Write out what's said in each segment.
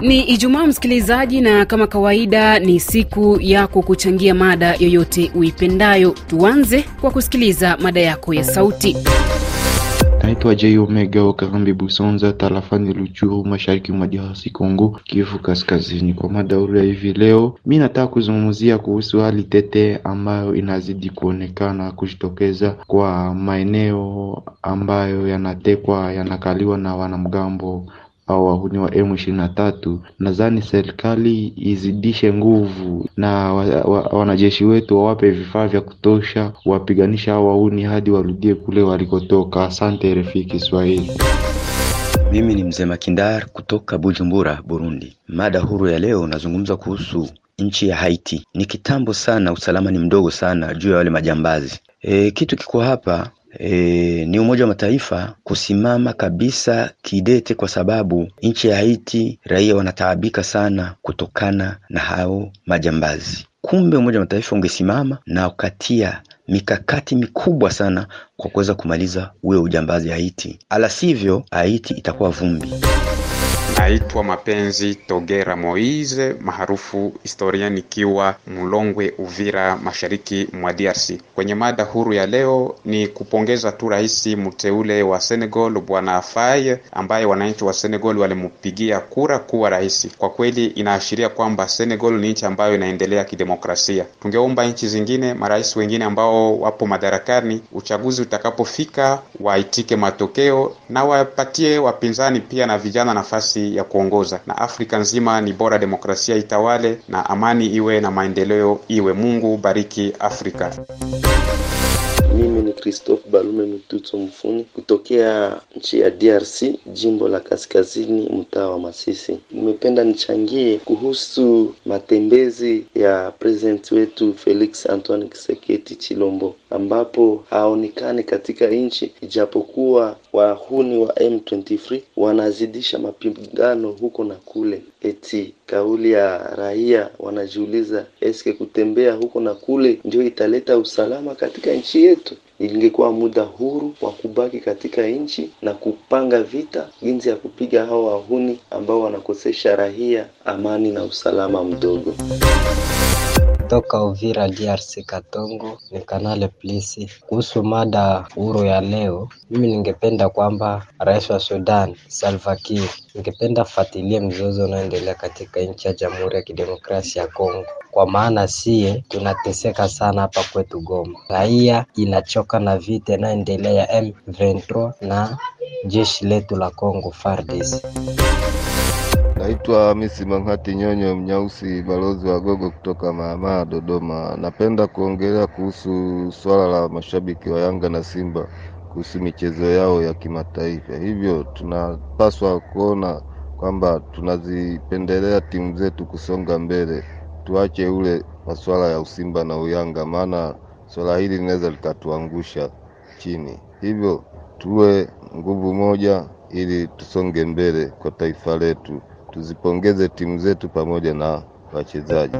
Ni Ijumaa msikilizaji, na kama kawaida ni siku yako kuchangia mada yoyote uipendayo. Tuanze kwa kusikiliza mada yako ya sauti. Naitwa J Omega wa Karambe Busonza, tarafani Luchuru, mashariki mwa DRC Congo, Kivu Kaskazini. Kwa mada ya hivi leo, mi nataka kuzungumzia kuhusu hali tete ambayo inazidi kuonekana kujitokeza kwa maeneo ambayo yanatekwa yanakaliwa na wanamgambo au wahuni wa M ishirini na tatu, nadhani serikali izidishe nguvu na wa, wa, wanajeshi wetu wawape vifaa vya kutosha wapiganisha hao wahuni hadi warudie kule walikotoka. Asante RFI Kiswahili. Mimi ni mzee Makindar kutoka Bujumbura, Burundi. Mada huru ya leo nazungumza kuhusu nchi ya Haiti. Ni kitambo sana, usalama ni mdogo sana juu ya wale majambazi. E, kitu kiko hapa e, ni Umoja wa Mataifa kusimama kabisa kidete, kwa sababu nchi ya Haiti raia wanataabika sana kutokana na hao majambazi. Kumbe Umoja wa Mataifa ungesimama na ukatia mikakati mikubwa sana kwa kuweza kumaliza huyo ujambazi Haiti, ala sivyo Haiti itakuwa vumbi. Naitwa Mapenzi Togera Moise maarufu historia, nikiwa Mlongwe, Uvira, mashariki mwa DRC. Kwenye mada huru ya leo ni kupongeza tu rais mteule wa Senegal Bwana Faye ambaye wananchi wa Senegal walimpigia kura kuwa rais. Kwa kweli inaashiria kwamba Senegal ni nchi ambayo inaendelea kidemokrasia. Tungeomba nchi zingine, marais wengine ambao wapo madarakani, uchaguzi utakapofika waitike matokeo na wapatie wapinzani pia na vijana nafasi ya kuongoza, na Afrika nzima ni bora demokrasia itawale na amani iwe na maendeleo iwe. Mungu bariki Afrika. Mimi ni Christophe Balume Mtutu Mfuni kutokea nchi ya DRC, jimbo la Kaskazini, mtaa wa Masisi. Nimependa nichangie kuhusu matembezi ya president wetu Felix Antoine Kiseketi Chilombo, ambapo haonekani katika nchi, ijapokuwa wahuni wa M23 wanazidisha mapigano huko na kule. Eti kauli ya raia wanajiuliza, eske kutembea huko na kule ndio italeta usalama katika nchi yetu? Ingekuwa muda huru wa kubaki katika nchi na kupanga vita jinsi ya kupiga hao wahuni ambao wanakosesha raia amani na usalama mdogo. Kutoka Uvira DRC Katongo ni Kanale Plisi. Kuhusu mada huru ya leo, mimi ningependa kwamba rais wa Sudan Salva Kiir, ningependa fuatilie mzozo unaoendelea katika nchi ya Jamhuri ya Kidemokrasia ya Kongo kwa maana sie tunateseka sana hapa kwetu Goma. Raia inachoka na vita inayoendelea ya M23 na jeshi letu la Kongo FARDC. Naitwa Hamisi Manghati Nyonyo Mnyausi, balozi wa gogo kutoka Mahamaa, Dodoma. Napenda kuongelea kuhusu swala la mashabiki wa Yanga na Simba kuhusu michezo yao ya kimataifa. Hivyo tunapaswa kuona kwamba tunazipendelea timu zetu kusonga mbele tuache ule masuala ya usimba na uyanga, maana swala hili linaweza likatuangusha chini. Hivyo tuwe nguvu moja, ili tusonge mbele kwa taifa letu. Tuzipongeze timu zetu pamoja na wachezaji.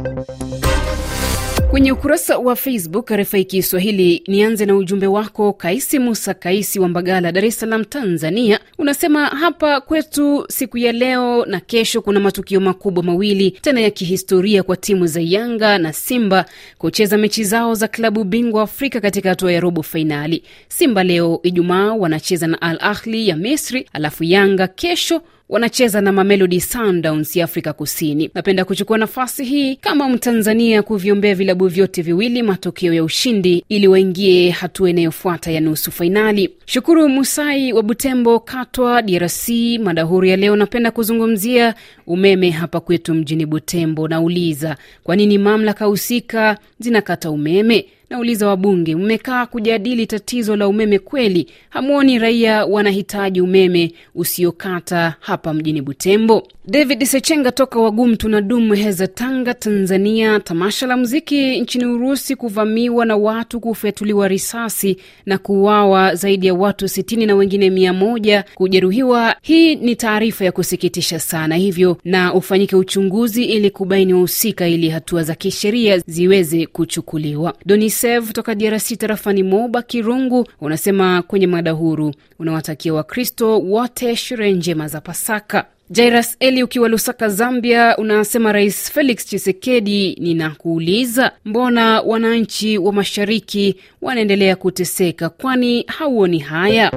Kwenye ukurasa wa Facebook RFI Kiswahili, nianze na ujumbe wako Kaisi Musa Kaisi wa Mbagala, Dar es Salaam, Tanzania. Unasema hapa kwetu siku ya leo na kesho kuna matukio makubwa mawili tena ya kihistoria kwa timu za Yanga na Simba kucheza mechi zao za klabu bingwa Afrika katika hatua ya robo fainali. Simba leo Ijumaa wanacheza na Al Ahli ya Misri, alafu Yanga kesho wanacheza na Mamelodi Sundowns ya Afrika Kusini. Napenda kuchukua nafasi hii kama Mtanzania kuviombea vilabu vyote viwili matokeo ya ushindi ili waingie hatua inayofuata ya nusu fainali. Shukuru Musai wa Butembo, Katwa, DRC. madahuru ya leo napenda kuzungumzia umeme hapa kwetu mjini Butembo. Nauliza, kwa nini mamlaka husika zinakata umeme? Nauliza wabunge, mmekaa kujadili tatizo la umeme kweli? Hamwoni raia wanahitaji umeme usiokata hapa mjini Butembo? David Sechenga toka Wagum tunadum Heza, Tanga, Tanzania. Tamasha la muziki nchini Urusi kuvamiwa na watu kufyatuliwa risasi na kuuawa, zaidi ya watu sitini na wengine mia moja kujeruhiwa. Hii ni taarifa ya kusikitisha sana, hivyo na ufanyike uchunguzi ili kubaini wahusika ili hatua za kisheria ziweze kuchukuliwa. Donis UNICEF toka DRC tarafani Moba Kirungu unasema kwenye mada huru unawatakia Wakristo wote sherehe njema za Pasaka. Jairas Eli ukiwa Lusaka, Zambia, unasema Rais Felix Chisekedi, ninakuuliza mbona wananchi wa mashariki wanaendelea kuteseka? Kwani hauoni haya?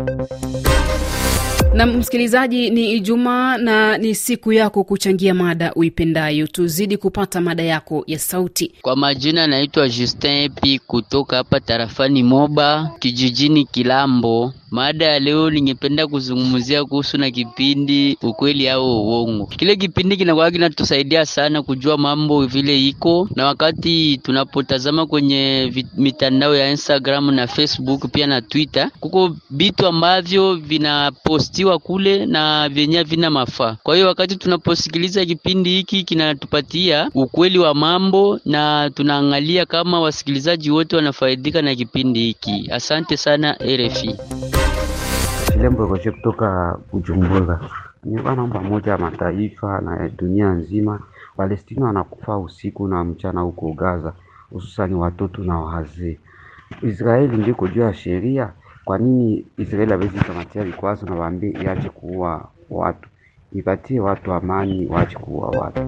Na msikilizaji, ni Ijumaa na ni siku yako kuchangia mada uipendayo. Tuzidi kupata mada yako ya sauti. Kwa majina, naitwa Justin epi kutoka hapa tarafani Moba, kijijini Kilambo. Mada ya leo ningependa kuzungumzia kuhusu na kipindi ukweli au uongo. Kile kipindi kinakuwa kinatusaidia sana kujua mambo vile iko, na wakati tunapotazama kwenye mitandao ya Instagram na Facebook pia na Twitter, kuko vitu ambavyo vinaposti ziwa kule na vyenye vina mafaa. Kwa hiyo wakati tunaposikiliza kipindi hiki kinatupatia ukweli wa mambo na tunaangalia kama wasikilizaji wote wanafaidika na kipindi hiki. Asante sana RFI. Shilembo kutoka Bujumbura. Nilikuwa naomba moja mataifa na dunia nzima, Palestina wanakufa usiku na mchana huko Gaza, hususani watoto na wazee. Israeli ndiko juu ya sheria kwa nini Israeli hawezi kamatia vikwazo na waambie iache kuua watu? Ipatie watu amani, waache kuua watu.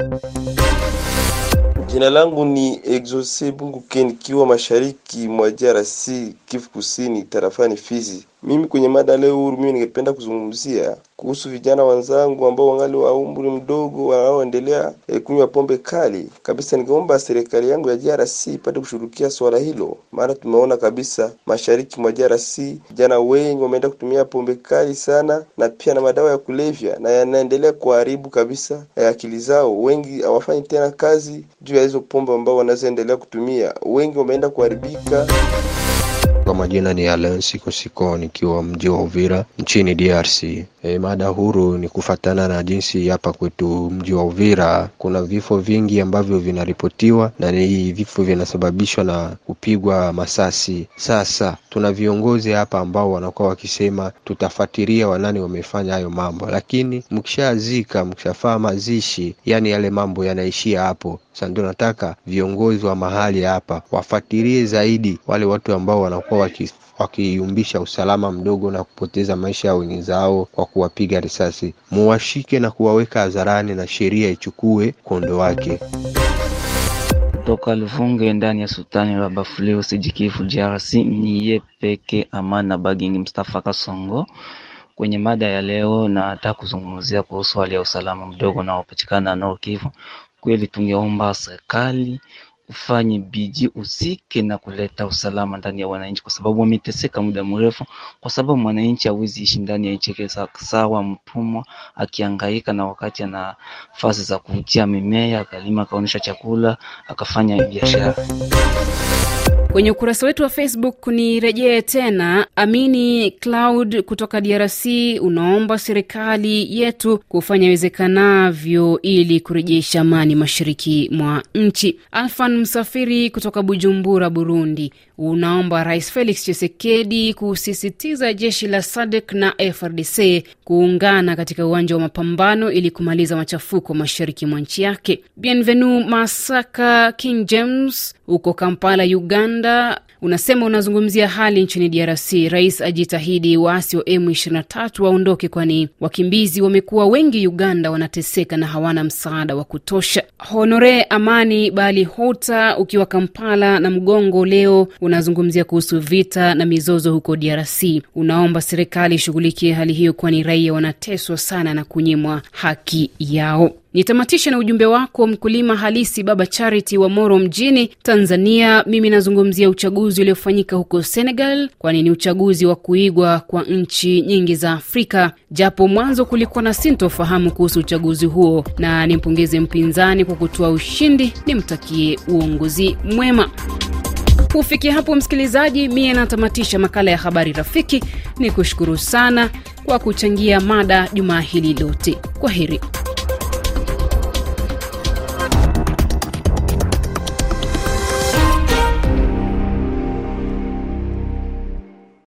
Jina langu ni Exose Bungu kiwa mashariki mwa DRC, Kivu Kusini, tarafani Fizi. Mimi kwenye mada leo huru, mimi ningependa kuzungumzia kuhusu vijana wenzangu ambao wangali wa umri mdogo wanaoendelea e, kunywa pombe kali kabisa. Ningeomba serikali yangu ya DRC ipate kushughulikia swala hilo, maana tumeona kabisa mashariki mwa DRC vijana wengi wameenda kutumia pombe kali sana, na pia na madawa ya kulevya, na yanaendelea kuharibu kabisa e, akili zao. Wengi hawafanyi tena kazi juu ya hizo pombe ambao wanazoendelea kutumia, wengi wameenda kuharibika. Kwa majina ni Alensi Kosiko nikiwa mji wa Uvira nchini DRC. E, mada huru ni kufatana na jinsi hapa kwetu mji wa Uvira kuna vifo vingi ambavyo vinaripotiwa na ni vifo vinasababishwa na kupigwa masasi. Sasa Tuna viongozi hapa ambao wanakuwa wakisema tutafuatilia wanani wamefanya hayo mambo, lakini mkishazika, mkishafaa mazishi, yani yale mambo yanaishia hapo. Sasa ndio nataka viongozi wa mahali hapa wafuatilie zaidi wale watu ambao wanakuwa waki wakiumbisha usalama mdogo na kupoteza maisha ya wenzao kwa kuwapiga risasi, muwashike na kuwaweka hadharani na sheria ichukue kondo wake toka Luvunge ndani ya sultani wa Bafuleo usijikifu DRC ni ye peke Amana Baging Mustafa Kasongo kwenye mada ya leo, na nataka kuzungumzia kuhusu hali ya usalama mdogo unaopatikana Nord Kivu. Kweli tungeomba serikali ufanye bidii usike na kuleta usalama ndani ya wananchi, kwa sababu wameteseka muda mrefu, kwa sababu mwananchi hawezi ishi ndani ya nchi sawa mtumwa, akiangaika na wakati ana nafasi za kuvutia mimea, akalima, akaonyesha chakula, akafanya biashara. Kwenye ukurasa wetu wa Facebook nirejee tena. Amini Cloud kutoka DRC unaomba serikali yetu kufanya iwezekanavyo ili kurejesha amani mashariki mwa nchi. Alfan Msafiri kutoka Bujumbura, Burundi, unaomba Rais Felix chisekedi kusisitiza jeshi la sadek na FRDC kuungana katika uwanja wa mapambano ili kumaliza machafuko mashariki mwa nchi yake. Bienvenu Masaka King James huko Kampala, Uganda Rwanda unasema unazungumzia hali nchini DRC. Rais ajitahidi waasi wa M23 waondoke, kwani wakimbizi wamekuwa wengi Uganda, wanateseka na hawana msaada wa kutosha. Honore Amani Bali Hota, ukiwa Kampala na Mgongo, leo unazungumzia kuhusu vita na mizozo huko DRC. Unaomba serikali ishughulikie hali hiyo, kwani raia wanateswa sana na kunyimwa haki yao. Nitamatisha na ujumbe wako mkulima halisi Baba Charity wa Moro mjini Tanzania. Mimi nazungumzia uchaguzi uliofanyika huko Senegal, kwani ni uchaguzi wa kuigwa kwa nchi nyingi za Afrika, japo mwanzo kulikuwa na sintofahamu kuhusu uchaguzi huo, na nimpongeze mpinzani kwa kutoa ushindi, nimtakie uongozi mwema. Kufikia hapo msikilizaji, mie natamatisha makala ya habari rafiki. Ni kushukuru sana kwa kuchangia mada jumaa hili lote. Kwa heri.